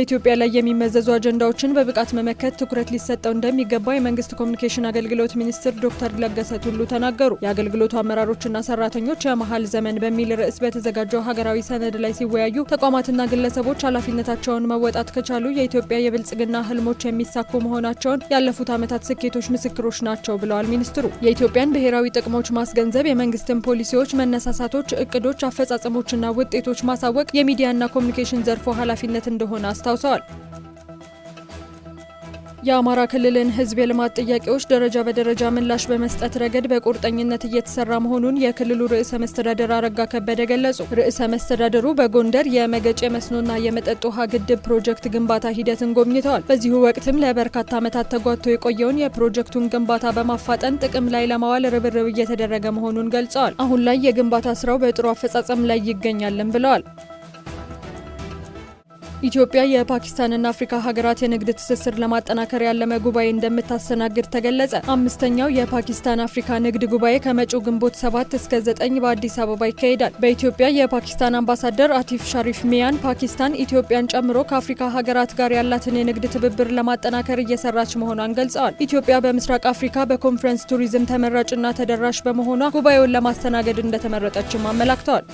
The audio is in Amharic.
በኢትዮጵያ ላይ የሚመዘዙ አጀንዳዎችን በብቃት መመከት ትኩረት ሊሰጠው እንደሚገባ የመንግስት ኮሚኒኬሽን አገልግሎት ሚኒስትር ዶክተር ለገሰ ቱሉ ተናገሩ። የአገልግሎቱ አመራሮችና ሰራተኞች የመሀል ዘመን በሚል ርዕስ በተዘጋጀው ሀገራዊ ሰነድ ላይ ሲወያዩ ተቋማትና ግለሰቦች ኃላፊነታቸውን መወጣት ከቻሉ የኢትዮጵያ የብልጽግና ህልሞች የሚሳኩ መሆናቸውን ያለፉት ዓመታት ስኬቶች ምስክሮች ናቸው ብለዋል ሚኒስትሩ። የኢትዮጵያን ብሔራዊ ጥቅሞች ማስገንዘብ፣ የመንግስትን ፖሊሲዎች፣ መነሳሳቶች፣ እቅዶች፣ አፈጻጸሞችና ውጤቶች ማሳወቅ የሚዲያና ኮሚኒኬሽን ዘርፎ ኃላፊነት እንደሆነ አስታ አስታውሰዋል። የአማራ ክልልን ሕዝብ የልማት ጥያቄዎች ደረጃ በደረጃ ምላሽ በመስጠት ረገድ በቁርጠኝነት እየተሰራ መሆኑን የክልሉ ርዕሰ መስተዳደር አረጋ ከበደ ገለጹ። ርዕሰ መስተዳደሩ በጎንደር የመገጭ የመስኖና የመጠጥ ውሃ ግድብ ፕሮጀክት ግንባታ ሂደትን ጎብኝተዋል። በዚሁ ወቅትም ለበርካታ ዓመታት ተጓቶ የቆየውን የፕሮጀክቱን ግንባታ በማፋጠን ጥቅም ላይ ለማዋል ርብርብ እየተደረገ መሆኑን ገልጸዋል። አሁን ላይ የግንባታ ስራው በጥሩ አፈጻጸም ላይ ይገኛልን ብለዋል። ኢትዮጵያ የፓኪስታንና አፍሪካ ሀገራት የንግድ ትስስር ለማጠናከር ያለመ ጉባኤ እንደምታስተናግድ ተገለጸ። አምስተኛው የፓኪስታን አፍሪካ ንግድ ጉባኤ ከመጪው ግንቦት 7 እስከ 9 በአዲስ አበባ ይካሄዳል። በኢትዮጵያ የፓኪስታን አምባሳደር አቲፍ ሻሪፍ ሚያን ፓኪስታን ኢትዮጵያን ጨምሮ ከአፍሪካ ሀገራት ጋር ያላትን የንግድ ትብብር ለማጠናከር እየሰራች መሆኗን ገልጸዋል። ኢትዮጵያ በምስራቅ አፍሪካ በኮንፈረንስ ቱሪዝም ተመራጭና ተደራሽ በመሆኗ ጉባኤውን ለማስተናገድ እንደተመረጠችም አመላክተዋል።